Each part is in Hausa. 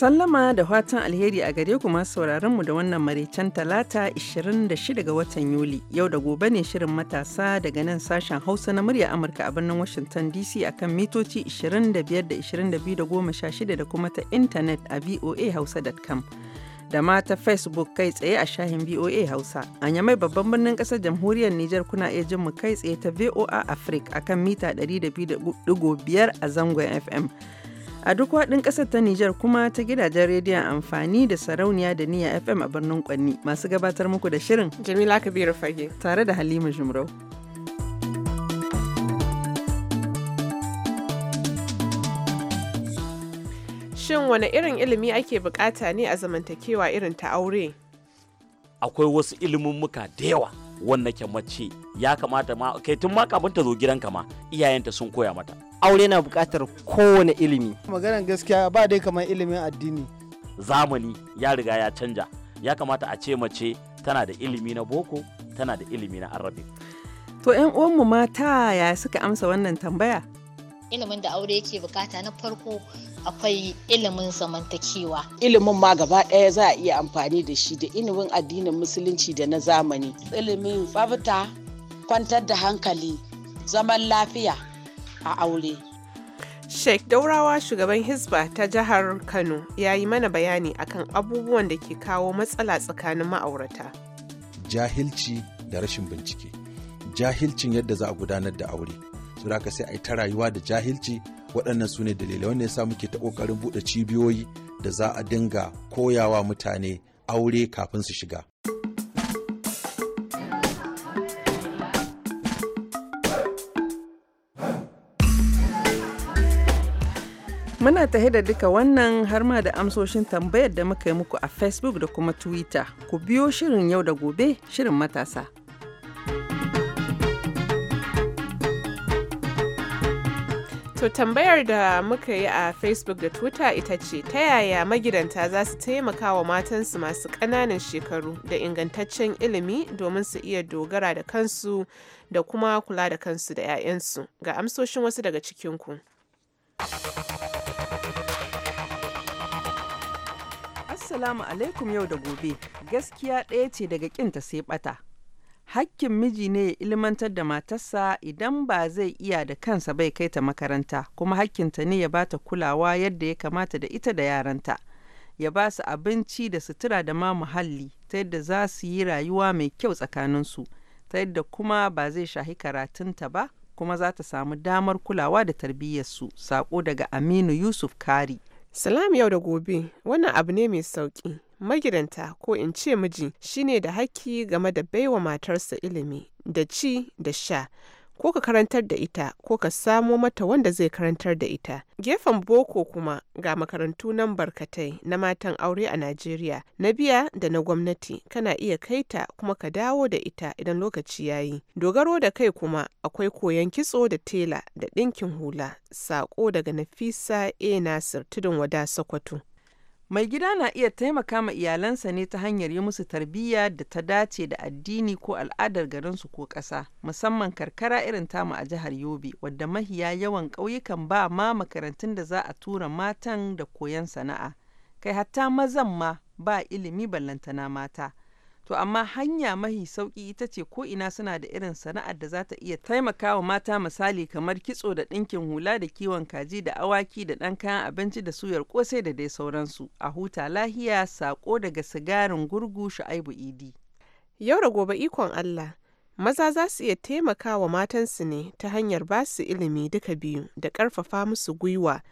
Sallama da fatan alheri a gare ku masu sauraron mu da wannan maraicen talata 26 ga watan Yuli. Yau da gobe ne shirin matasa daga nan sashen Hausa na murya Amurka a birnin Washington DC akan mitoci 25 da 22 da 16 da kuma ta intanet a voa voahausa.com. da ma ta Facebook kai tsaye a shahin VOA Hausa. A Yamai babban birnin ƙasar jamhuriyar Nijar kuna iya jin mu kai tsaye ta VOA Africa akan mita 200.5 a zangon FM. A duk waɗin ƙasar ta Nijar kuma ta gidajen rediyon amfani da sarauniya da niya FM a birnin Kwanni masu gabatar muku da shirin. Jamila Kabiru Fage. Tare da Halima Jumrau. Shin wane irin ilimi ake bukata ne a zamantakewa irin ta aure? Akwai wasu ilimin muka da yawa. wannan ke ya kamata ma kai tun ma kafin ta zo gidanka ma iyayenta sun koya mata aure na buƙatar kowane ilimi maganar gaskiya ba dai kamar ilimin addini zamani ya riga ya canja ya kamata a ce mace tana da ilimi na boko tana da ilimi na arabi to 'yan uwanmu mata ya suka amsa wannan tambaya ilimin da aure yake bukata na farko akwai ilimin zamantakewa. Ilimin ma gaba ɗaya za a iya amfani da shi da ilimin addinin musulunci da na zamani. Ilimin tsafta, kwantar da hankali, zaman lafiya a aure. Sheikh Daurawa shugaban Hisba ta jihar Kano ya yi mana bayani akan abubuwan da ke kawo matsala tsakanin ma'aurata. Jahilci da rashin bincike. Jahilcin yadda za a gudanar da aure. ka sai a yi ta rayuwa da jahilci waɗannan su ne dalilai wanda ya sa muke ta ƙoƙarin buɗe cibiyoyi da za a dinga koyawa mutane aure kafin su shiga. Muna tahe da duka wannan har ma da amsoshin tambayar da muka yi muku a Facebook da kuma Twitter. Ku biyo shirin yau da gobe, shirin matasa. To tambayar da muka yi a Facebook da Twitter ita ce ta yaya magidanta za su taimaka wa matansu masu ƙananan shekaru da ingantaccen ilimi domin su iya dogara da kansu da kuma kula da kansu da 'ya'yansu ga amsoshin wasu daga cikinku. Assalamu alaikum yau da gobe gaskiya ɗaya ce daga ƙinta sai ɓata. hakkin miji ne ya ilmantar da matarsa idan ba zai iya da kansa bai kai ta makaranta kuma hakkinta ne ya ba ta kulawa yadda ya kamata da ita da yaranta ya ba su abinci da sutura da ma muhalli ta yadda za su yi rayuwa mai kyau tsakaninsu ta yadda kuma ba zai shahi karatunta ba kuma za ta samu damar kulawa da tarbiyyarsu sako daga aminu yusuf kari salam yau da gobe wannan abu ne mai sauki magidanta ko in ce miji shine da haƙƙi game da baiwa matarsa ilimi da ci da sha ko ka karantar da ita ko ka samo mata wanda zai karantar da ita gefen boko kuma ga makarantu nan barkatai na matan aure a najeriya na biya da na gwamnati kana iya kai ta kuma ka dawo da ita idan lokaci ya yi dogaro da kai kuma akwai koyon kitso da tela da ɗinkin hula sako daga nafisa a nasir tudun wada sokoto Mai gida na iya taimaka ma iyalansa ne ta hanyar yi musu tarbiyya da ta dace da addini ko al'adar garinsu ko ƙasa, musamman karkara irin tamu a jihar Yobe, wadda mahiya yawan ƙauyukan ba ma makarantun da za a tura matan da koyon sana'a, kai hatta mazan ma ba ilimi ballantana mata. To amma hanya mahi sauki ita ce ko ina suna da irin sana'ar da za ta iya taimakawa mata misali kamar kitso da ɗinkin hula da kiwon kaji da awaki da ɗan kayan abinci da suyar kosai da dai sauransu. A huta lahiya sako daga sigarin gurgu sha'aibu Idi. Yau da gobe ikon Allah. Maza za su iya taimakawa matansu ne ta hanyar ba su ilimi duka biyu da ƙarfafa musu gwiwa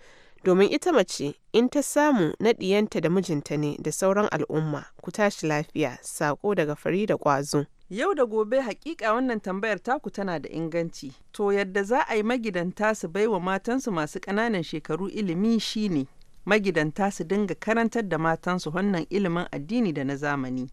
domin ita mace in ta samu na da mijinta ne da sauran al'umma ku tashi lafiya saƙo daga fari da ƙwazo. Yau da gobe hakika wannan tambayar taku tana da inganci. To yadda za a yi magidanta su bai wa matansu masu ƙananan shekaru ilimi shine magidanta su dinga karantar da matansu wannan ilimin addini da na zamani.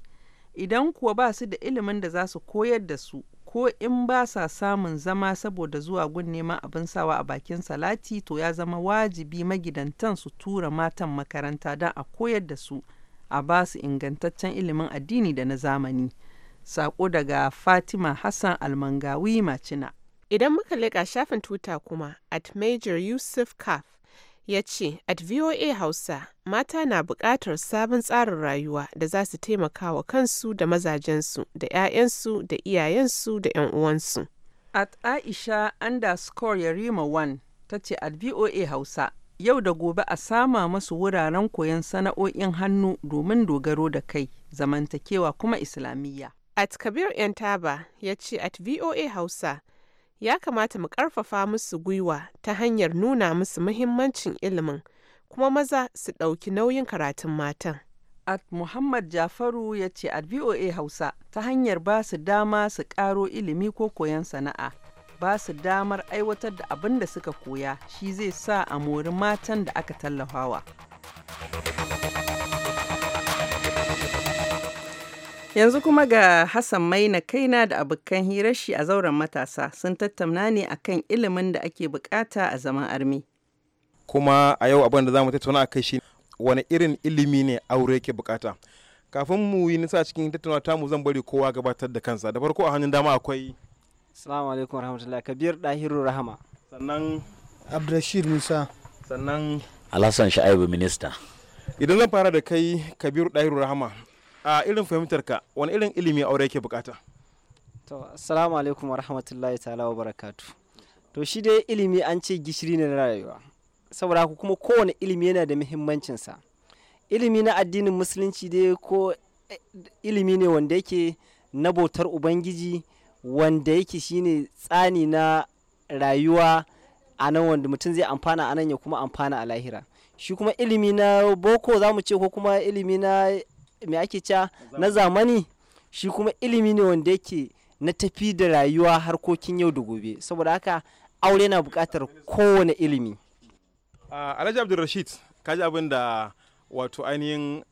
Idan kuwa ba su da ilimin da za su koyar da su, ko in ba sa samun zama saboda zuwa gun neman abin sawa a bakin salati to ya zama wajibi magidantan su tura matan makaranta don a koyar da su a ba su ingantaccen ilimin addini da na zamani. Sako daga Fatima Hassan Almangawi Macina. Idan muka leƙa shafin tuta kuma at Major Yusuf Kaf ya ce at voa hausa mata na buƙatar sabon tsarin rayuwa da za su taimaka wa kansu da mazajensu da 'ya'yansu da iyayensu da 'yan uwansu at aisha underscore yarima 1 ta ce at voa hausa yau da gobe a sama masu wuraren koyon sana'o'in hannu domin dogaro da kai zamantakewa kuma islamiyya at kabir yan taba ya ce at voa hausa ya kamata mu ƙarfafa musu gwiwa ta hanyar nuna musu muhimmancin ilimin kuma maza su ɗauki nauyin karatun matan. At Muhammad Jafaru ya ce at VOA Hausa ta hanyar ba su dama su ƙaro ilimi ko koyon sana'a. Ba su damar aiwatar da abin da suka koya shi zai sa a mori matan da aka tallafawa. Yanzu kuma ga Hassan Maina kaina da abokan hirar shi a zauren matasa sun tattauna ne akan ilimin da ake bukata a zaman armi. Kuma a yau abin da za mu tattauna a kai shi wani irin ilimi ne aure yake bukata. Kafin mu yi nisa cikin tattauna mu zan bari kowa gabatar da kansa. Da farko a hannun dama akwai. Assalamu alaikum warahmatullahi Kabir Dahiru Rahama. Sannan Abdulrashid Musa. Sannan Alhassan Sha'ibu Minista. Idan zan fara da kai Kabiru Dahiru Rahama a irin fahimtarka wani irin ilimi aure yake bukata to assalamu alaikum warahmatullahi ta'ala wa barakatu to shi dai ilimi an ce gishiri ne na rayuwa saboda haka kuma kowane ilimi yana da muhimmancinsa ilimi na addinin musulunci dai ko eh, ilimi ne wanda yake na bautar ubangiji wanda yake shine tsani na rayuwa a nan wanda mutum zai amfana a nan ya kuma amfana a lahira shi kuma ilimi na boko zamu ce ko kuma ilimi na me ake cewa na zamani shi kuma ilimi ne wanda yake na tafi da rayuwa harkokin yau da gobe saboda haka aure na bukatar kowane ilimi alhaji abdulrashid ji abin da wato ainihin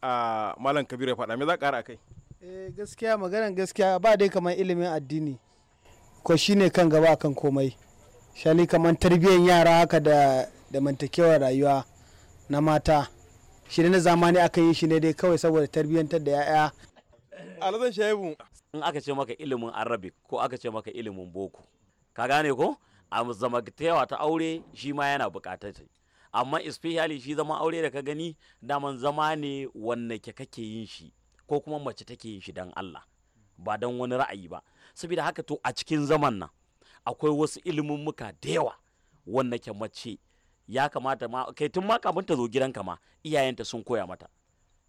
malam kabir ya faɗa me za ƙara kai? Eh, gaskiya maganar gaskiya ba dai kamar ilimin addini ko shine kan gaba kan komai shani kamar tarbiyyar yara haka da da mantakewar rayuwa na mata shi ne na zamani aka yi shi ne dai kawai saboda tarbiyyantar da 'ya'ya alazan shaibu in aka ce maka ilimin arabic ko aka ce maka ilimin boko ka gane ko a yawa ta aure shi ma yana bukatar amma especially shi zama aure da ka gani daman zama ne wanne ke kake yin shi ko kuma mace take yin shi dan Allah ba dan wani ra'ayi ba saboda haka to a cikin zaman nan akwai wasu ilimin muka da yawa wanne ke mace ya kamata ma kai tun ma kafin ta zo gidanka ma iyayenta sun koya mata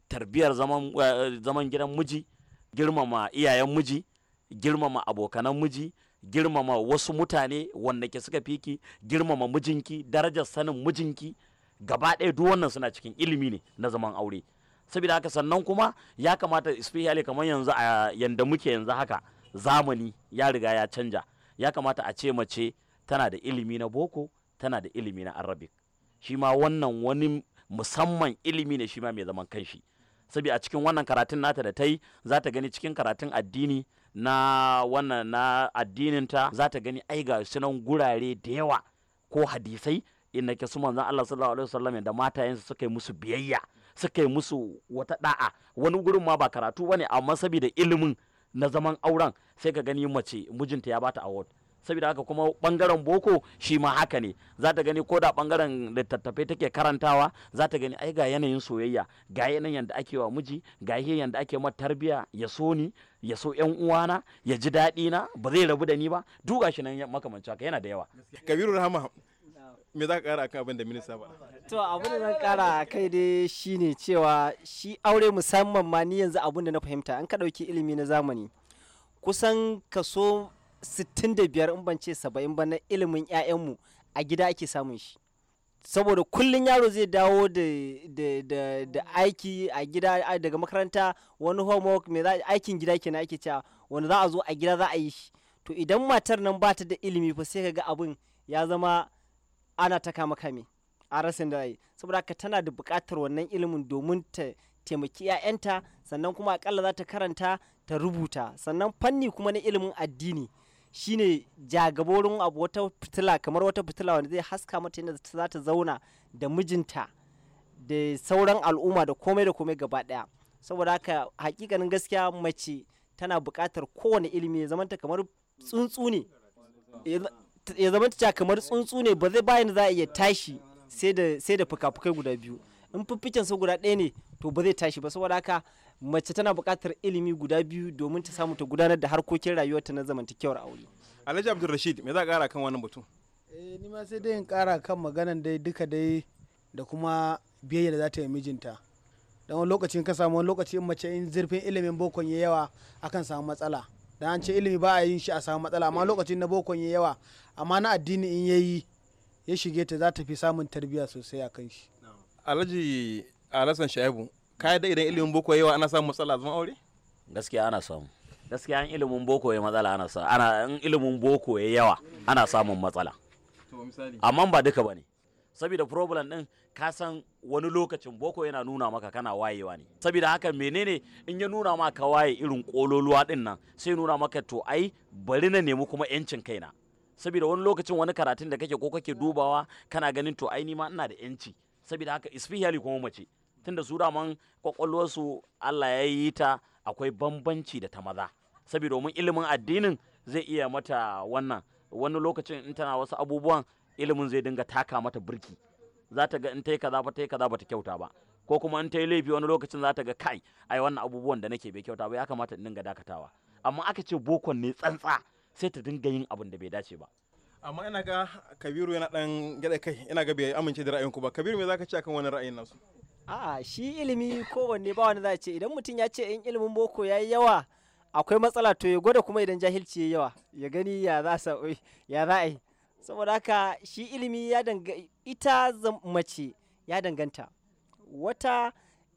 tarbiyar zaman eh, zaman gidan miji girmama iyayen miji girmama abokanan miji girmama wasu mutane wanda ke suka fiki girmama mijinki darajar sanin mijinki gaba ɗaya duk wannan suna cikin ilimi ne na zaman aure saboda haka sannan kuma ya kamata especially kamar yanzu a yanda muke yanzu haka zamani ya riga ya canja ya kamata a ce mace tana da ilimi na boko tana da ilimi na arabic shi ma wannan wani musamman ilimi ne shi ma mai zaman kanshi saboda a cikin wannan karatun nata da ta yi za ta gani cikin karatun addini na wannan na addininta za ta gani ai ga sunan gurare da yawa ko hadisai inda ke su manzan Allah sallallahu alaihi wasallam da matayensa suka yi musu biyayya suka yi musu wata da'a wani gurin ma ba karatu bane amma sabida ilimin na zaman auren sai ka gani mace mijinta ya bata award saboda haka kuma bangaren boko shi ma haka ne za ta gani ko da bangaren littattafai take karantawa za ta gani ai ga yanayin soyayya ga yanayin yadda ake wa miji ga yanayin da ake mata tarbiya ya so ni ya so yan uwana ya ji daɗi na ba zai rabu da ni ba duka shi nan makamanci haka yana da yawa kabiru rahama me za ka kara akan abin da minista ba to abin da zan kara kai dai shine cewa shi aure musamman ma ni yanzu abin da na fahimta an ka dauki ilimi na zamani kusan kaso sittin biyar in ban ce 70 ba na ilimin 'ya'yanmu a gida ake samun shi saboda kullun yaro zai dawo da, aiki a gida daga makaranta wani homework mai aikin gida kenan ake cewa wanda za a zo a gida za a yi shi to idan matar nan ba ta da ilimi fa sai ka ga abin ya zama ana ta kama kame a rasin da yi saboda haka tana da bukatar wannan ilimin domin ta taimaki 'ya'yanta sannan kuma akalla za ta karanta ta rubuta sannan fanni kuma na ilimin addini shine jagaborin abu wata fitila kamar wata fitila wanda zai haska mata yadda za ta zauna da mijinta da sauran al'umma da komai da komai gaba daya saboda haka hakikanin gaskiya mace tana buƙatar kowane ilimi ya zamanta kamar tsuntsu ne ya zamanta kamar tsuntsu ne ba zai bayan za a iya tashi sai da fuka-fukai guda biyu in fiffiken sa guda ɗaya ne to ba zai tashi ba saboda haka mace tana buƙatar ilimi guda biyu domin ta samu ta gudanar da harkokin rayuwarta na zamantakewar aure alhaji abdulrashid me za ka kara kan wani batu? eh ni ma sai dai in kara kan maganan dai duka dai da kuma biyayya da za ta yi mijinta Dan wani lokacin ka samu wani lokaci in mace in zurfin ilimin bokon ya yawa akan samu matsala dan an ce ilimi ba a yin shi a samu matsala amma lokacin na bokon ya yawa amma na addini in yayi ya shige ta za ta fi samun tarbiyya sosai a kan shi alhaji alasan shaibu ka da idan ilimin boko yawa ana samun matsala zama aure gaskiya ana samu gaskiya an ilimin boko ya matsala ana samu ana in ilimin boko ya yawa ana samun matsala amma ba duka bane saboda problem din ka san wani lokacin boko yana nuna maka kana wayewa ne saboda haka menene in ya nuna maka ka waye irin kololuwa din nan sai nuna maka to ai bari na nemi kuma yancin kaina saboda wani lokacin wani karatun da kake ko kake dubawa kana ganin to ai nima ina da yanci saboda haka especially kuma mace tunda su daman kwakwalwarsu Allah ya yi ta akwai bambanci da ta maza saboda domin ilimin addinin zai iya mata wannan wani lokacin in tana wasu abubuwan ilimin zai dinga taka mata birki za ta ga in ta yi kaza ba ta yi kaza ba ta kyauta ba ko kuma in ta yi laifi wani lokacin za ta ga kai ai wannan abubuwan da nake bai kyauta ba ya kamata in dinga dakatawa amma aka ce bokon ne tsantsa sai ta dinga yin abin da bai dace ba amma ina ga kabiru yana dan gyada kai ina ga bai amince da ra'ayinku ba kabiru me zaka ce akan wani ra'ayin nasu a'a shi ilimi kowanne ba wani za ce idan mutum ya ce in ilimin boko ya yi yawa akwai matsala to ya gwada kuma idan jahilci ya yawa ya gani ya za sa ya za a yi saboda haka shi ilimi ya danga ita mace ya danganta wata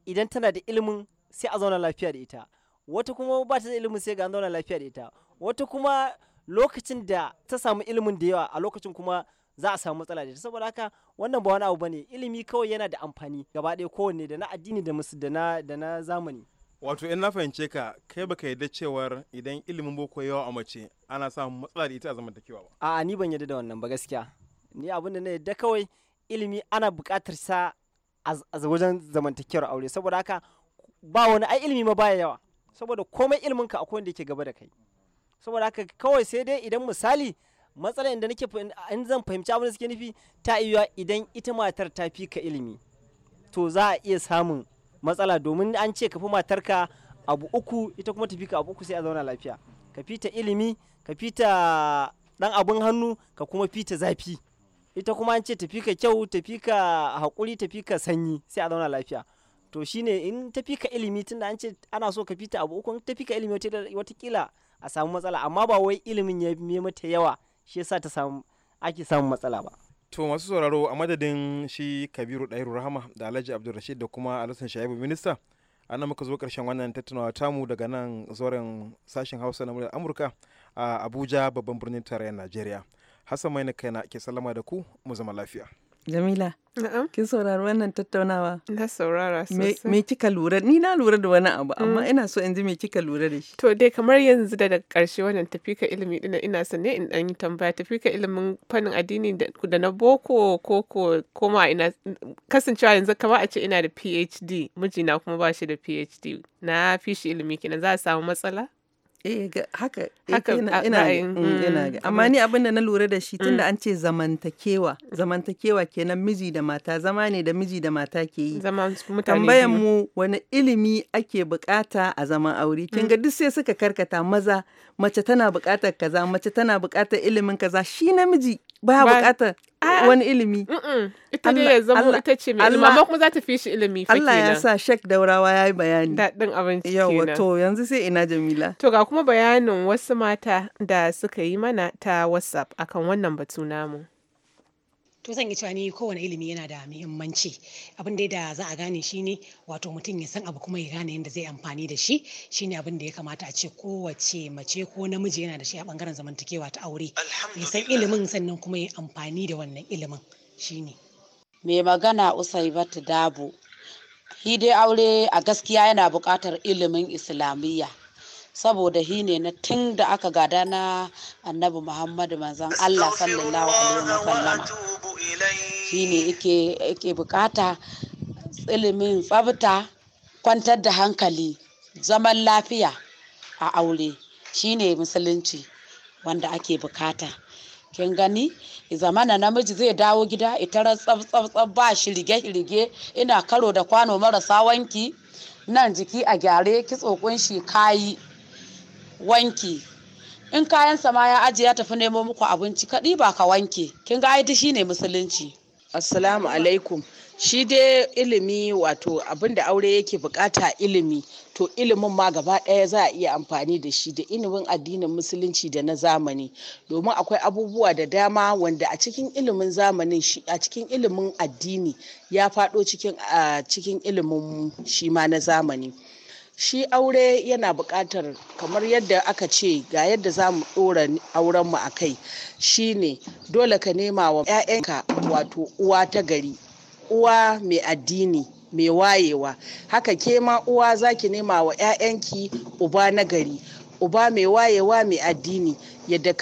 idan tana da ilimin sai a zauna lafiya da ita wata kuma ba ta da ilimin sai ga zauna lafiya da ita wata kuma lokacin da ta samu ilimin da yawa a lokacin kuma za a samu matsala da ta saboda haka wannan ba wani abu bane ilimi kawai yana da amfani gaba ɗaya kowanne da na addini da musu da na da na zamani wato in na fahimce ka kai baka yarda cewar idan ilimin boko yawa a mace ana samu matsala da ita a zamantakewa ba a'a ni ban yarda da wannan ba gaskiya ni abin da na yarda kawai ilimi ana buƙatar sa a wajen zamantakewar aure saboda haka ba wani ai ilimi ma baya yawa saboda komai ilimin ka akwai wanda yake gaba da kai saboda haka kawai sai dai idan misali matsala inda nake in zan fahimci abin da suke nufi ta iya idan ita matar ta fi ka ilimi to za a iya samun matsala domin an ce ka fi matarka abu uku ita kuma tafi ka abu uku sai a zauna lafiya ka fi ta ilimi ka fi ta dan abun hannu ka kuma fita zafi ita kuma an ce tafi ka kyau tafi ka haƙuri tafi ka sanyi sai a zauna lafiya to shine in tafi ka ilimi tunda an ce ana so ka fi ta abu uku tafi ka ilimi watakila a samu matsala amma ba wai ilimin ya yi mata yawa shi yasa ta samu ake samun matsala ba to masu sauraro a madadin shi kabiru ɗairu rahama da alhaji abdulrashid da kuma alhassan shaibu minista ana muka zo karshen wannan tattaunawa tamu daga nan zoren sashen hausa na muryar amurka a abuja babban birnin tarayyar najeriya hassan mai na kaina ke sallama da ku mu zama lafiya Jamila. Na'am. Kin saurari wannan tattaunawa? Na saurara sosai. Me kika lura? Ni na lura da wani abu, amma mm. ina so in ji me kika lura da shi. To dai kamar yanzu da daga ƙarshe wannan tafika ilimi din ina sane in dan yi tambaya tafika ilimin fannin addini da na boko ko ko koma ina kasancewa yanzu kamar a ce ina da PhD, mijina kuma ba shi da PhD. Na fi shi ilimi kenan za a samu matsala? Eh, eh, haka ina mm, mm, amma ni abin da na lura da shi tunda mm. an ce zamantakewa zamantakewa kenan miji da mata zama ne da miji da mata ke yi tambayan mu wani ilimi ake bukata a zaman aure kin ga duk sai suka karkata maza mace tana bukatar kaza mace tana bukatar ilimin kaza shi namiji ba bukatar wani ilimi. Ita dai ya zama ita ce mai ilimi, amma kuma za ta fi shi ilimi Allah ya sa shek Daurawa ya yi bayani. Daɗin abinci kenan. to yanzu sai ina Jamila. To ga kuma bayanin wasu mata da suka yi mana ta WhatsApp akan wannan batu namu. to zan yi cewa ni kowane ilimi yana da muhimmanci abin dai da za a gane shi ne wato mutum ya san abu kuma ya gane yadda zai amfani da shi shi ne abin da ya kamata a ce kowace mace ko namiji yana da shi a bangaren zamantakewa ta aure ya san ilimin sannan kuma ya amfani da wannan ilimin shine mai magana usaibat dabo shi dai aure a gaskiya yana buƙatar ilimin islamiyya saboda hi ne na tun da aka gada na annabi muhammadu manzan allah sallallahu alaihi wa sallama shi ne ike bukata ilimin tsabta kwantar da hankali zaman lafiya a aure shi ne musulunci wanda ake bukata kin gani zamana namiji zai dawo gida ita itarar tsab ba rige rige ina karo da kwano marasa wanki nan jiki a gyare kitso kunshi kayi wanki in kayan sama ya ajiye ya tafi nemo muku abinci kaɗi ba ka wanke kin ga aidi shine musulunci assalamu alaikum shi dai ilimi wato abin da aure yake bukata ilimi to ilimin ma gaba ɗaya za a iya amfani da shi da ilimin addinin musulunci da na zamani domin akwai abubuwa da dama wanda a cikin ilimin zamanin shi a cikin ilimin addini ya faɗo cikin cikin ilimin shi ma na zamani shi aure yana buƙatar kamar yadda aka ce ga yadda za mu ɗora aurenmu a kai shine dole ka nema wa 'ya'yanka wato uwa ta gari uwa mai addini mai wayewa haka ke ma uwa za ki nema wa 'ya'yanki uba na gari uba mai wayewa mai addini yadda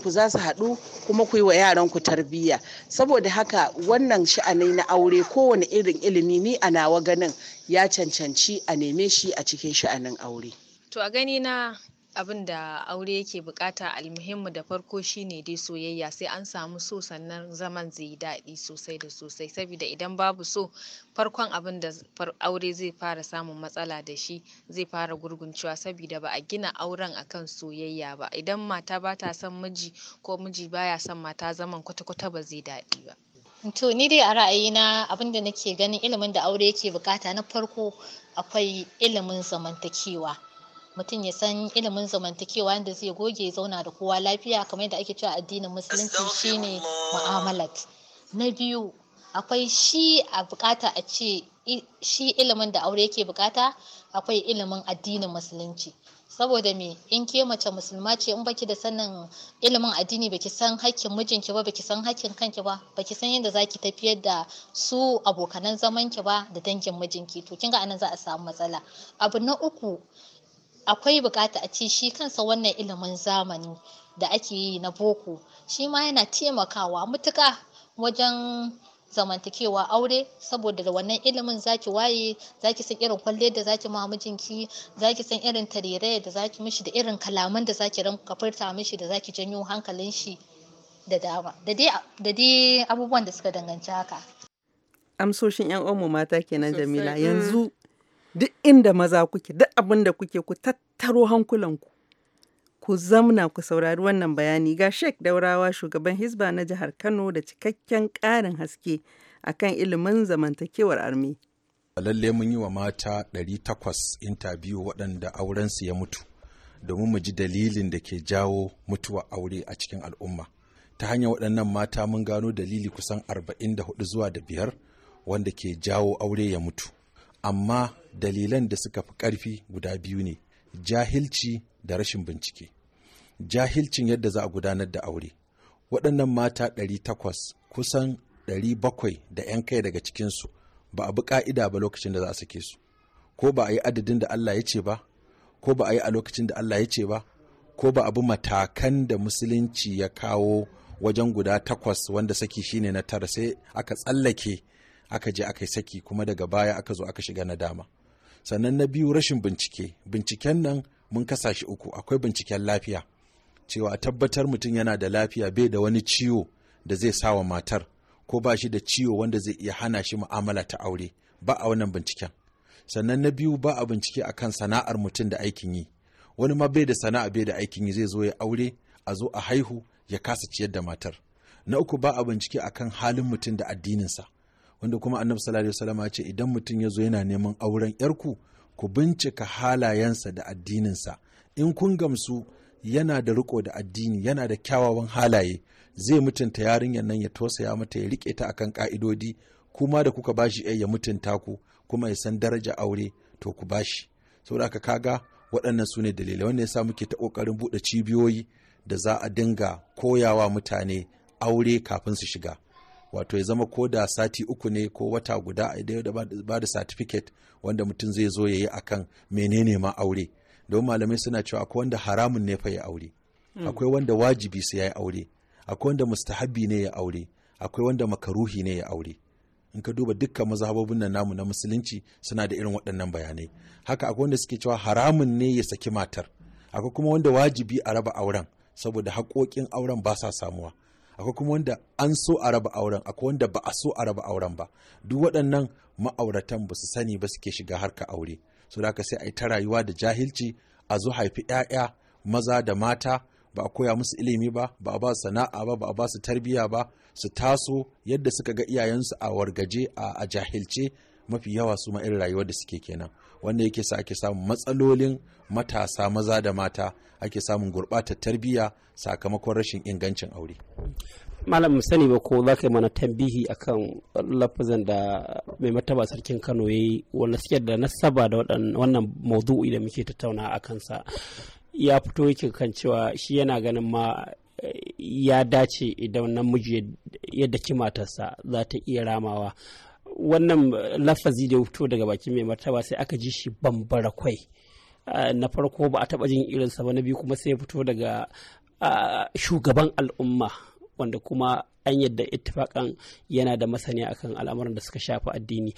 ku za su haɗu kuma ku yi wa yaran ku tarbiyya saboda haka wannan sha'anai na aure kowane irin ilimi ni a nawa ganin ya cancanci a neme shi a cikin sha'anin aure to a gani na abin da aure yake bukata almuhimmu da farko shine dai soyayya sai an samu so sannan zaman zai yi daɗi sosai da sosai saboda idan babu so farkon abin da aure zai fara samun matsala da shi zai fara gurguncewa sabida ba a gina auren akan soyayya ba idan mata ba ta son miji ko miji baya son mata zaman kwata-kwata ba zai daɗi ba to ni dai a ra'ayina abin da nake ganin ilimin da aure yake bukata na farko akwai ilimin zamantakewa mutum ya san ilimin zamantakewa yadda zai goge zauna da kowa lafiya kamar da ake cewa addinin musulunci shine mu'amalat na biyu akwai shi a bukata a ce shi ilimin da aure yake bukata akwai ilimin addinin musulunci saboda me in ke mace musulma ce in baki da sanin ilimin addini baki san hakkin mijinki ba baki san hakkin kanki ba baki san yadda zaki tafiyar da su abokanan zamanki ba da dangin mijinki to kinga anan za a samu matsala abu na uku akwai bukata a ce shi kansa wannan ilimin zamani da ake yi na boko shi ma yana taimakawa matuka wajen zamantakewa aure saboda da wannan ilimin zaki waye zaki san irin kwalle da zaki ma mijinki zaki san irin tarere da zaki mishi da irin kalaman da zaki ran kafirta mishi da zaki janyo hankalin shi da dama da dai abubuwan da suka danganci haka amsoshin yan uwanmu mata kenan jamila yanzu duk inda maza kuke duk abin da kuke ku tattaro hankulanku ku zamna ku saurari wannan bayani ga Sheikh Daurawa shugaban hisba na jihar Kano da cikakken ƙarin haske a kan ilimin zamantakewar armi. a Lalle mun yi wa mata 800 intabiyu waɗanda aurensu ya mutu domin mu ji dalilin da ke jawo mutuwa aure a cikin al'umma. Ta hanyar waɗannan mata mun gano dalili kusan 44 zuwa da biyar wanda ke jawo aure ya mutu. Amma dalilan da suka fi ƙarfi guda biyu ne jahilci da rashin bincike jahilcin yadda za a gudanar da aure waɗannan mata 800 kusan 700 da 'yan kai daga cikinsu ba a bi ƙa'ida ba lokacin da za a sake su ko ba a yi adadin da Allah ya ce ba ko ba a yi a lokacin da Allah ya ce ba ko ba a bi matakan da musulunci ya kawo wajen guda takwas wanda saki shine na tara sai aka tsallake aka je aka yi saki kuma daga baya aka zo aka shiga na dama sannan na biyu rashin bincike binciken nan mun kasa shi uku akwai binciken lafiya cewa a tabbatar mutum yana da lafiya bai da wani ciwo da zai sa wa matar ko ba shi da ciwo wanda zai iya hana shi mu'amala ta aure ba a wannan binciken sannan na biyu ba a bincike akan sana'ar mutum da aikin yi wani ma bai da sana'a bai da aikin yi zai zo ya aure a zo a haihu ya kasa ciyar da matar na uku ba a bincike akan halin mutum da addininsa wanda kuma annabi sallallahu alaihi wasallam ce idan mutum ya zo yana neman auren yarku ku bincika halayensa da addininsa in kun gamsu yana da riko da addini yana da kyawawan halaye zai mutunta yarinyar nan ya tosaya mata ya rike ta akan ka'idodi kuma da kuka bashi ya mutunta ku kuma ya san daraja aure to ku bashi saboda haka kaga waɗannan su ne dalilai wanda yasa muke ta ƙoƙarin buɗe cibiyoyi da za a dinga koyawa mutane aure kafin su shiga wato ya zama ko da sati uku ne ko wata guda a da ba da certificate wanda mutum zai zo ya yi akan menene ma aure don malamai suna cewa akwai wanda haramun ne fa ya aure hmm. akwai wanda wajibi su ya yi aure akwai wanda mustahabi ne ya aure akwai wanda makaruhi ne ya aure in ka duba dukkan mazhabobin nan namu na musulunci suna da irin waɗannan bayanai haka akwai wanda suke cewa haramun ne ya saki matar akwai kuma wanda wajibi a raba auren saboda haƙoƙin auren ba sa samuwa akwai kuma wanda an so a raba auren akwai wanda ba a so a raba auren ba duk waɗannan ma'auratan ba su sani ba suke shiga harka aure so da aka sai a yi ta rayuwa da jahilci a zo haifi 'ya'ya maza da mata ba a koya musu ilimi ba ba a ba su sana'a ba ba a ba su tarbiyya ba su taso yadda suka ga iyayensu a wargaje a jahilce mafi yawa su ma irin rayuwar da suke kenan wanda yake sa ake samun matsalolin matasa maza da mata ake samun gurɓatar tarbiyya sakamakon rashin ingancin aure malam sani ba ko za ka yi mana tambihi akan lafazan da mai mataba sarkin kano ya yi wanda suke da nasaba da wannan maudu'i da muke tattauna a kansa ya fito yake kan cewa shi yana ganin ma eh, ya dace idan namiji yadda kimatarsa za ta iya ramawa wannan eh, lafazi da fito daga bakin mai martaba sai aka ji shi bambara kwai ah, na farko ba a taba jin irinsa ba na biyu kuma sai ya fito daga ah, shugaban al'umma wanda kuma an yadda ittifakan yana da masani akan al'amuran da suka shafi addini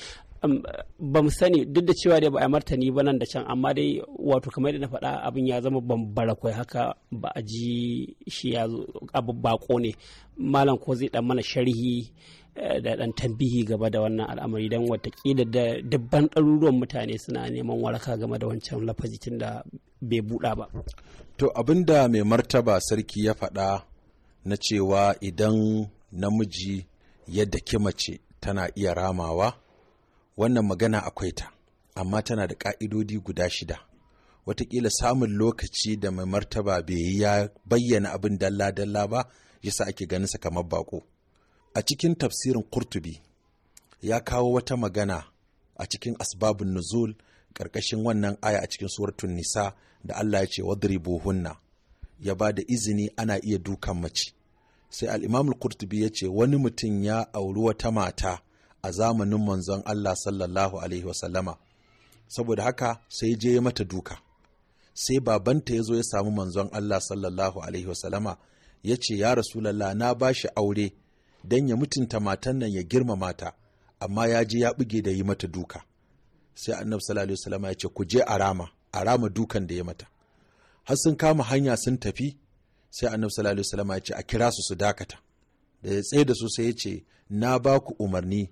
ba mu sani duk da cewa dai ba a martani ba nan da can amma dai wato kamar yadda na faɗa abin ya zama bambara kwai haka ba a ji shi ya abu bako ne malam ko zai dan mana sharhi Eh, da dan tambihi gaba da wannan al'amari don watakila da dabban ɗaruruwan mutane suna neman waraka game da wancan lafazikin da bai buɗa ba to abin da mai martaba sarki ya faɗa na cewa idan namiji yadda daki mace tana iya ramawa wannan magana akwai ta amma tana da ƙa'idodi guda shida watakila samun lokaci da mai martaba bai yi ya bayyana abin dalla-dalla ba yasa ake ganin sa kamar baƙo. a cikin tafsirin kurtubi ya kawo wata magana a cikin asbabun nuzul ƙarƙashin wannan aya a cikin suratun nisa da Allah ya ce wadri buhunna ya ba da izini ana iya dukan mace sai alimamul kurtubi ya ce wani mutum ya auri wata mata a zamanin manzon Allah sallallahu alaihi wasallama saboda haka sai je ya mata duka sai babanta ya zo ya samu manzon Allah sallallahu alaihi wasallama ya ce ya rasulallah na ba shi aure don ya mutunta matan nan ya girmamata, mata amma ya je ya buge da yi mata duka sai annab sallallahu salama ya ce ku je a rama a rama dukan da ya mata har sun kama hanya sun tafi sai annab sallallahu salama ya ce a kira su su dakata da ya tsaye da su sai ya ce na ba ku umarni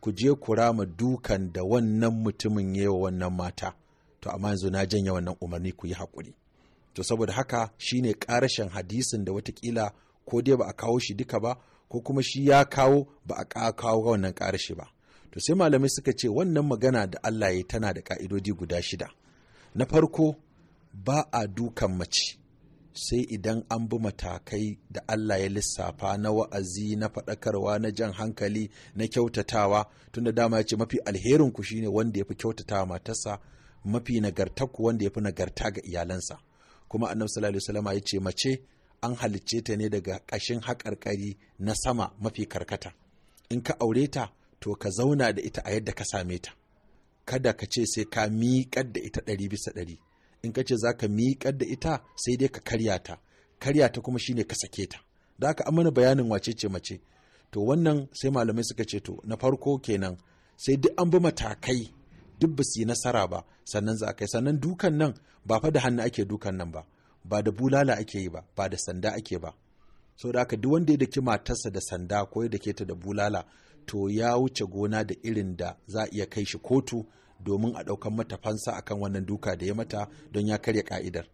ku je ku rama dukan da wannan mutumin ya wa wannan mata to amma yanzu na janye wannan umarni ku yi hakuri, to saboda haka shine ƙarashin hadisin da watakila ko dai ba a kawo shi duka ba ko kuma shi ya kawo ba a kawo wannan karashe ba to sai malamai suka ce wannan magana da Allah ya tana da ƙa'idodi guda shida na farko ba a dukan mace sai idan an bi matakai da Allah ya lissafa na wa'azi na faɗakarwa na jan hankali na kyautatawa tunda dama ya ce mafi alherin ku shine wanda ya fi kyautatawa matarsa mafi nagarta ku wanda ya fi nagarta ga iyalansa kuma annabi sallallahu alaihi wasallam ya ce mace an halicce ta ne daga ƙashin haƙarƙari na sama mafi karkata in ka aure ta to ka zauna da ita a yadda ka same ta kada ka ce sai ka miƙar da ita ɗari bisa ɗari in ka ce za ka miƙar da ita sai dai ka karya ta karya ta kuma shine ka sake ta da aka amina bayanin wace ce mace to wannan sai malamai suka ce to na farko kenan sai duk an bi matakai duk ba su yi nasara ba sannan za a kai sannan dukan nan ba fa da hannu ake dukan nan ba ba da bulala ake yi ba ba da sanda ake ba so da haka duk wanda ya daki matarsa da sanda ko ya dake ta da bulala to ya wuce gona da irin da za a iya kai shi kotu domin a ɗaukan mata fansa akan wannan duka da ya mata don ya karya ka'idar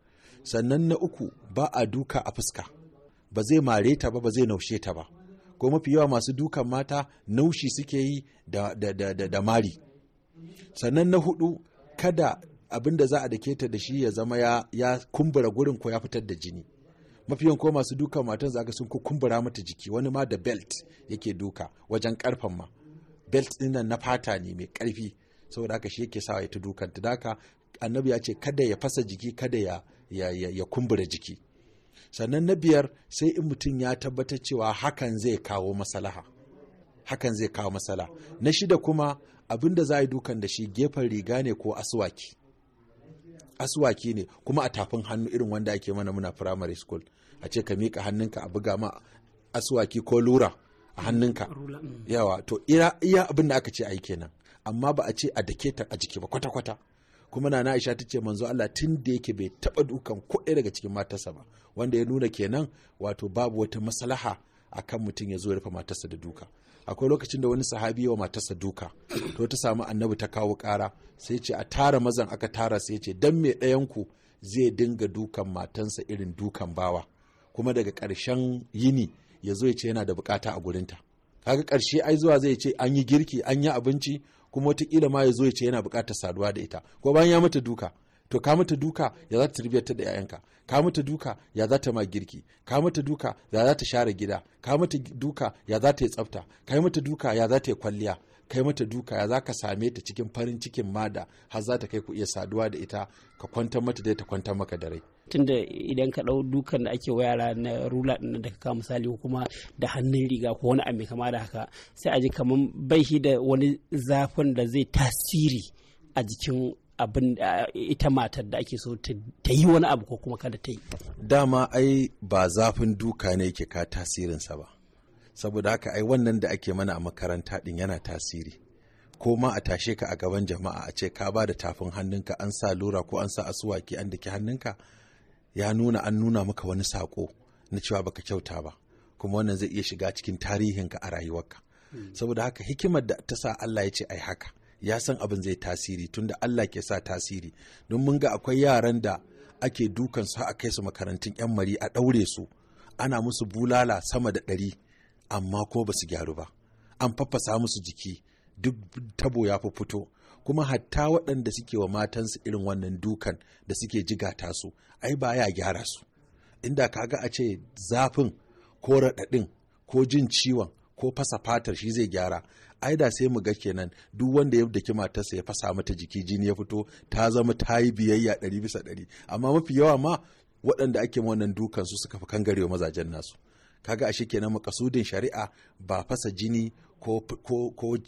sannan na uku ba a duka a fuska ba zai mare ta ba ba zai naushe ta ba ko mafi yawa masu dukan mata naushi suke yi da, da, da mari sannan na hudu kada abin da za a dake ta da shi ya zama ya kumbura gurin ko ya fitar da jini mafiyan ko masu duka matan zaka sun ko kumbura mata jiki wani ma da belt yake duka wajen karfan ma belt din na fata ne mai karfi saboda haka shi yake sawa ya ta dukan ta daka annabi ya ce kada ya fasa jiki kada ya ya, ya, kumbura jiki sannan na biyar sai in mutum ya tabbatar cewa hakan zai kawo masalaha hakan zai kawo masala na shida kuma abin da za a yi dukan da shi gefen riga ne ko asuwaki aswaki ne kuma a tafin hannu irin wanda ake mana muna primary school a ce ka miƙa hannunka a buga ma aswaki ko lura a hannunka mm. yawa to iya abin da aka ce ai kenan amma ba a ce a dake ta a jiki ba kwata-kwata kuma na Aisha ta ce manzo Allah tun da yake bai taba dukan ko ɗaya daga cikin matarsa ba wanda ya nuna kenan wato babu wata maslaha akan mutum ya zo rufe matarsa da duka akwai lokacin da wani sahabi wa matarsa duka to ta samu annabi ta kawo kara sai ce a tara mazan aka tara sai ce dan me ɗayanku zai dinga dukan matansa irin dukan bawa kuma daga ƙarshen yini ya zo ya ce yana da bukata a gurinta kaga ƙarshe ai zuwa zai ce an yi girki an yi abinci kuma wataƙila ma ya zo ya ce yana bukatar saduwa da ita ko bayan ya mata duka to ka mata duka ya za ta tarbiyyar da 'ya'yanka ka mata duka ya za ta ma girki ka mata duka ya za ta share gida ka mata duka ya za ta yi tsafta ka mata duka ya za ta yi kwalliya kai mata duka ya za ka same ta cikin farin cikin ma da har za ta kai ku iya saduwa da ita ka kwantar mata da ta kwantar maka da rai tunda idan ka ɗau dukan da ake wayara na rula na da ka misali ko kuma da hannun riga ko wani abu kama da haka sai a ji kaman bai shi da wani zafin da zai tasiri a jikin abin ita matar da ake so ta yi wani abu ko kuma kada ta yi dama ai ba zafin duka ne yake ka tasirinsa ba saboda haka ai wannan da ake mana a makaranta din yana tasiri ko ma a tashe ka a gaban jama'a a ce ka ba da tafin hannunka an sa lura ko an sa asuwaki an daki hannunka ya nuna an nuna maka wani sako na cewa baka kyauta ba kuma wannan zai iya shiga cikin tarihinka a rayuwarka hmm. saboda haka hikimar da ta sa Allah ya ce ai haka ya san abin zai tasiri tunda Allah ke sa tasiri don mun ga akwai yaran da ake dukan su a kai su makarantun yan mari a ɗaure su ana musu bulala sama da ɗari amma ko ba su gyaru ba an faffasa musu jiki duk tabo ya fi fito kuma hatta waɗanda suke wa matansu irin wannan dukan da suke jigata su ai ba ya gyara su inda kaga a ce zafin ko raɗaɗin ko jin ciwon ko fasa fatar shi zai gyara ai da sai mu ga kenan duk wanda ya daki matarsa ya fasa mata jiki jini ya fito ta zama ta yi biyayya ɗari bisa ɗari amma mafi yawa ma waɗanda ake wannan dukan su suka fi wa mazajen nasu kaga ashe kenan makasudin shari'a ba fasa jini ko,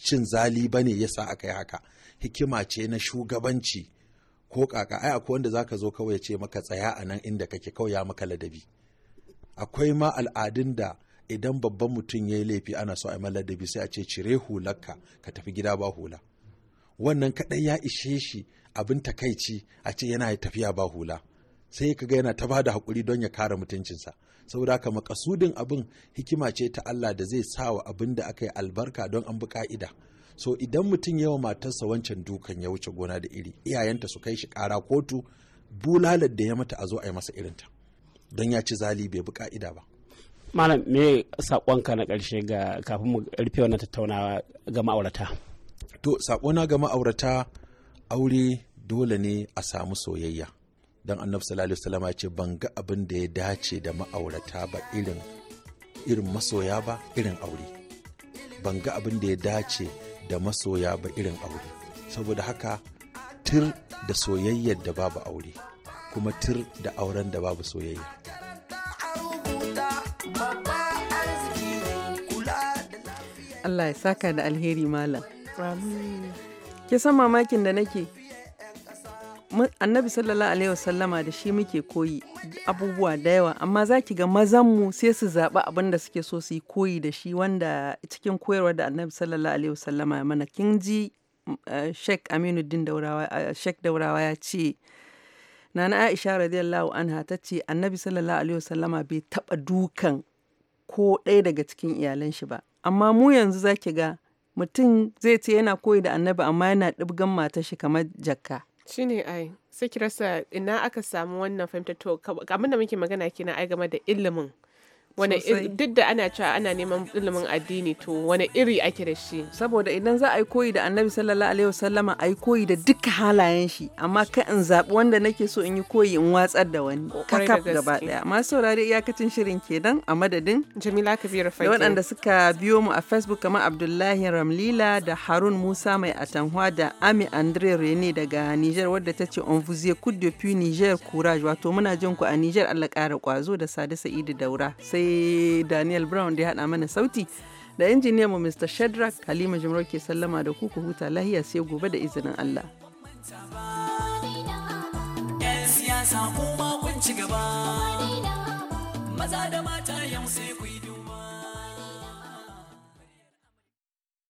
cin zali ba ne yasa aka yi haka hikima ce na shugabanci ko kaka ai akwai wanda zaka zo kawai ya ce maka tsaya a nan inda kake kawai ya maka ladabi akwai ma al'adun da idan babban mutum ya yi laifi ana so a yi ladabi sai a ce cire hularka ka tafi gida ba hula wannan kaɗai ya ishe shi abin takaici a ce yana tafiya ba hula sai ka ga yana ta ba da haƙuri don ya kare mutuncinsa saboda haka makasudin abin hikima ce ta Allah da zai sa wa abin da aka yi albarka don an bi ka'ida so idan mutum yawa matarsa wancan dukan ya wuce gona da iri iyayenta su kai shi ƙara kotu bulalar da ya mata a zo a yi masa irinta don ya ci zali bai bi ka'ida ba malam me sakonka na ƙarshe ga kafin mu rufe wannan tattaunawa ga ma'aurata to sakona ga ma'aurata aure dole ne a samu soyayya don annabi sallallahu alaihi wasallam ya ce ban ga abin da ya dace da ma'aurata ba irin irin masoya ba irin aure ban ga abin da ya dace da masoya ba irin aure saboda haka tir da soyayyar da babu aure kuma tir da auren da babu soyayya Allah ya saka da alheri malam. Ke san mamakin da nake? Annabi sallallahu alaihi wasallama da shi muke koyi abubuwa da yawa amma za ki ga mazanmu sai su zaɓi abin da suke so su yi koyi da shi wanda cikin koyarwa da Annabi sallallahu alaihi wasallama ya mana kin ji eh, Sheikh Aminuddin Daurawa eh, Sheikh Daurawa ya ce Nana Aisha radiyallahu anha ta ce Annabi sallallahu alaihi wasallama bai taɓa dukan ko ɗaya daga cikin iyalan shi ba Amma mu yanzu za ki ga mutum zai ce yana koyi da annabi amma yana ɗibgan matar shi kamar jakka. Shi ne ai, sai ki rasa ina aka samu wannan fahimtar to, abin da muke magana kenan ai game da ilimin. wani duk da ana cewa ana neman ilimin addini to wani iri ake da shi saboda idan za a yi koyi da annabi sallallahu alaihi wasallama a yi koyi da duka halayen shi amma ka in zaɓi wanda nake so in yi koyi in watsar da wani kakaf gaba daya masu saurari iyakacin shirin kenan a madadin jamila kabir fage da waɗanda suka biyo mu a facebook kamar abdullahi ramlila da harun musa mai atanhwa da ami andre rene daga niger wadda ta ce on vous écoute depuis niger courage wato muna jin ku a niger allah ƙara kwazo da sadi sa'idu daura sai Daniel Brown da ya haɗa mana sauti. Da mu Mr. Shadrack Halima Jimro ke sallama da ku ku huta lahiya sai gobe da izinin Allah. Maza da mata yau sai